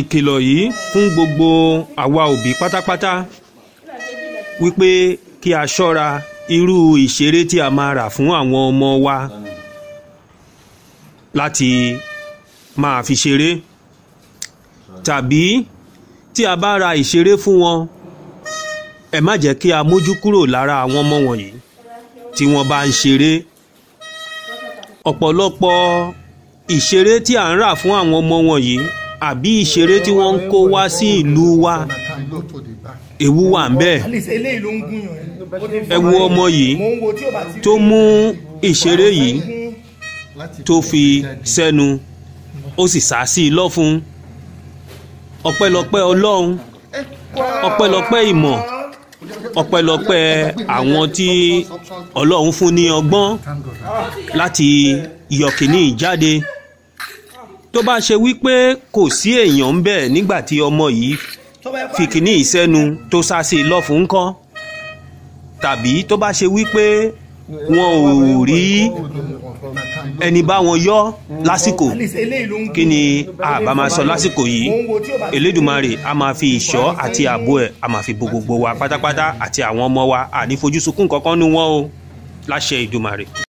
ìkìlọ̀ yìí fún gbogbo àwa òbí pátápátá wípé kí a ṣọ́ra irú ìṣeré tí a máa rà fún àwọn ọmọ wa láti máa fi ṣeré tàbí tí a bá ra ìṣeré fún wọn ẹ má jẹ́ kí a mójú kúrò lára àwọn ọmọ wọ̀nyí tí wọ́n bá ń ṣeré ọ̀pọ̀lọpọ̀ ìṣeré tí a ń rà fún àwọn ọmọ wọ̀nyí àbí ìṣeré tí wọ́n ń kó wá sí ìlú wa ewu wà ń bẹ́ẹ̀ ẹ wo ọmọ yìí tó mú ìṣeré yìí tó fi sẹ́nu ó sì sá sí i lọ́fun ọpẹ́lọpẹ́ ọlọ́run ọpẹ́lọpẹ́ ìmọ̀ ọpẹ́lọpẹ́ àwọn tí ọlọ́run fún ní ọgbọ́n láti yọkìní jáde tó bá ṣe wípé kò sí èèyàn ń bẹ̀ nígbà tí ọmọ yìí fi kìíní ìsẹ́nu tó sáṣe lọ́fun kan tàbí tó bá ṣe wípé wọn ò rí ẹni bá wọn yọ lásìkò kí ni àbá máa sọ lásìkò yìí Elédùmarè a máa fi ìṣọ́ àti ààbò ẹ̀ a máa fi bo wa pátápátá àti àwọn ọmọ wa àní fojú kankan nu wọn o láṣẹ Ìdùmarè.